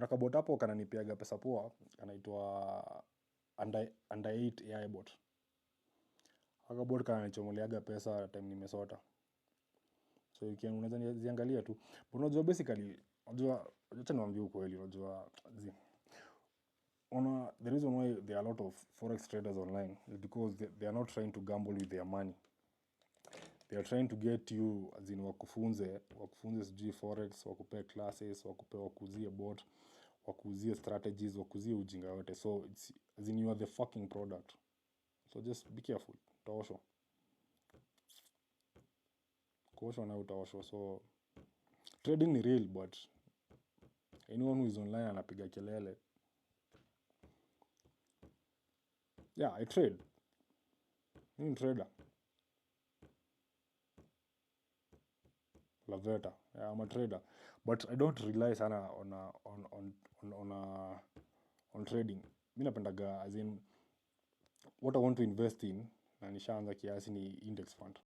kuna kabot hapo kananipiaga pesa poa kanaitwa under, under 8 AI bot akabot kananichomoleaga pesa time nimesota so unaweza ziangalia tu unajua basically unajua acha niwaambie ukweli unajua zi ona the reason why there are a lot of forex traders online is because they, they are not trying to gamble with their money they are trying to get you azin wakufunze wakufunze sijui forex wakupee classes wakupee wakuzie bot wakuuzie strategies wakuuzie ujinga yote so it's, you are the fucking product so just be careful utaoshwa kuoshwa na utaoshwa so trading ni real but anyone who is online anapiga kelele yeah i trade mimi trader laveta yeah, ama trader but I don't rely sana on, a, on, on, on, on, a, uh, on trading mi napendaga as in what I want to invest in na nishaanza kiasi ni index fund